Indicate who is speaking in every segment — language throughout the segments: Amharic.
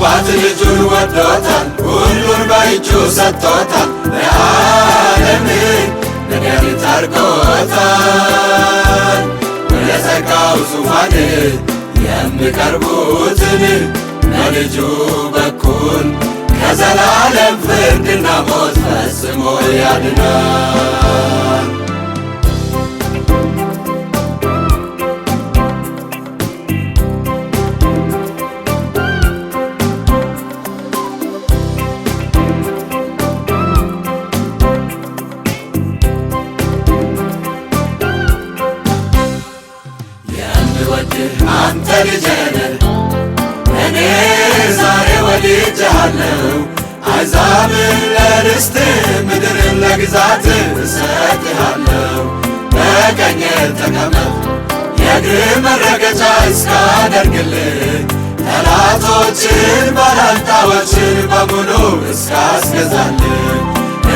Speaker 1: አባት ልጁን ወዶታል፣ ሁሉን በእጁ ሰጥቶታል። ለዓለም መድኃኒት አድርጎታል። ወደ ጸጋው ዙፋን የሚቀርቡትን በልጁ በኩል ከዘላለም ፍርድና ሞት ፈጽሞ ያድናል።
Speaker 2: ልጄነ እኔ ዛሬ ወድጄሃለሁ። አሕዛብን ለርስት ምድርን ለግዛት እሰጥሃለሁ። በቀኜ ተቀመጥ የእግር መረገጫ እስካደርግልህ ጠላቶችን ባላንጣዎችን በሙሉ እስካስገዛልህ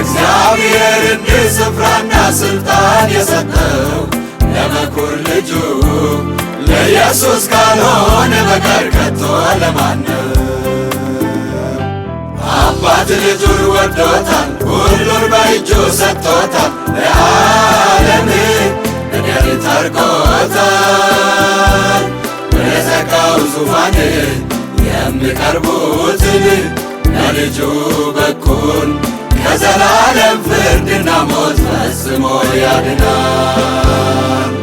Speaker 2: እግዚአብሔር እንዲህ ስፍራና ስልጣን የሰጠው ለበኩር ልጁ ከኢየሱስ ካልሆነ በቀር ከቶ ለማንም
Speaker 1: አባት ልጁን ወዶታል፣ ሁሉን በእጁ ሰጥቶታል። ለዓለም ነገር ታርቆታል። ወደ ዙፋን የሚቀርቡትን ለልጁ በኩል ከዘላለም ፍርድና ሞት ፈጽሞ ያድናል።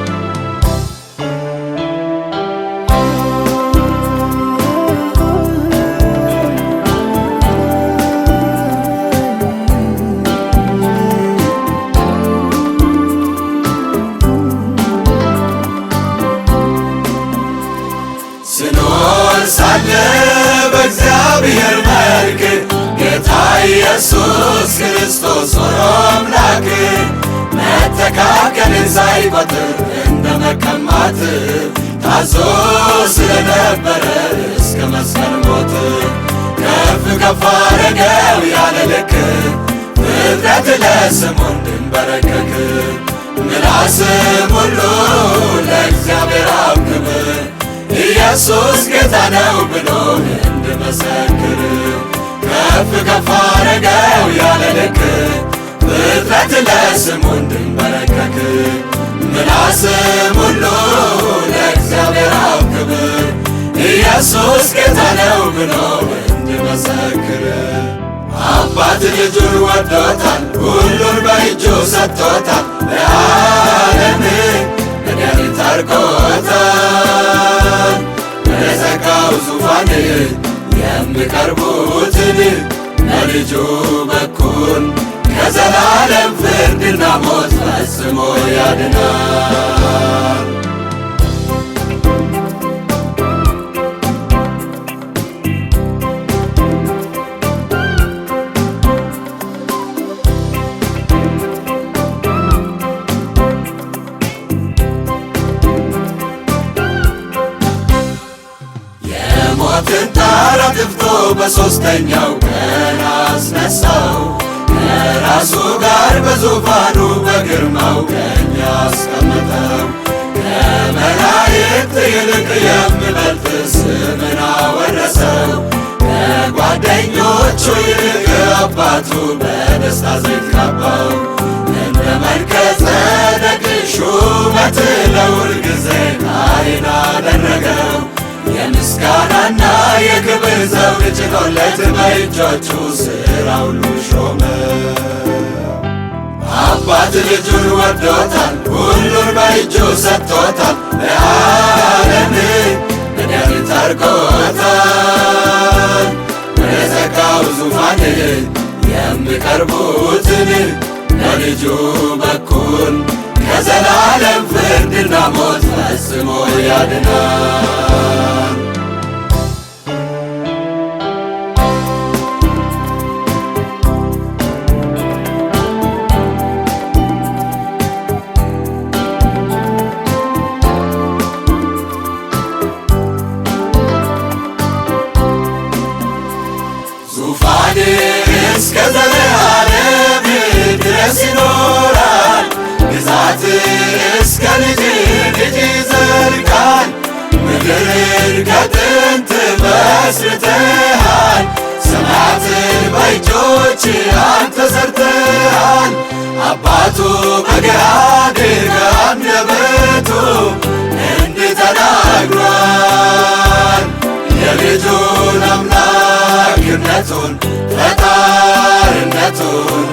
Speaker 3: የእግዚአብሔር መልክ ጌታ ኢየሱስ ክርስቶስ ሆኖ አምላክ መተካከልን ሳይቆጥር እንደ መቀማት ታዞ ስለነበረ እስከ መስቀል ሞት ከፍ ከፍ አረገው ያለ ልክ ፍጥረት ለስሙ እንድንበረከክ ምላስም ሁሉ ኢየሱስ ጌታ ነው ብሎን እንድመሰክር ከፍ ከፍ አረገው ያለ ልክ ፍጥረት ለስሙ እንድንበረከክ ምላስም ሁሉ ለእግዚአብሔር አብ ክብር ኢየሱስ ጌታ ነው ብሎን እንድመሰክር
Speaker 1: አባት ልጁን ወዶታል፣ ሁሉን በእጁ ሰጥቶታል፣ ለዓለም መድኃኒት አድርጎታል። ዙፋን የሚቀርቡትን ለልጁ በኩል ከዘላለም ፍርድና ሞት ፈጽሞ ያድናል።
Speaker 4: ሞትን ተራትፍቶ በሦስተኛው ቀን አስነሳው ከራሱ ጋር በዙፋኑ በግርማው ቀኝ አስቀመጠው። ከመላእክት ይልቅ የሚበልጥ ስምን አወረሰው። ከጓደኞቹ ይልቅ አባቱ በደስታ ዘይት ካባው እንደ መልከ ጼዴቅ ሹመት ለሁል ጊዜ አይን አደረገው። የምስጋናና የክብር ዘውድ ጭኖለት በእጆቹ ሥራ ሁሉ ሾመ።
Speaker 1: አባት ልጁን ወዶታል፣ ሁሉን በእጁ ሰጥቶታል። ለዓለም መድኃኒት አድርጎታል። ወደ ዘጋው ዙፋን የሚቀርቡትን በልጁ በኩል ከዘላለም ፍርድና ሞት ፈጽሞ ያድናል።
Speaker 5: ክብርን ከጥንት መስርተሃል፣ ሰማያትን በእጆች አንተ ሰርተሃል። አባቱ በገሃድ ነበቱ እንዲህ ተናግሯል። የልጁን አምላክነቱን ፈጣርነቱን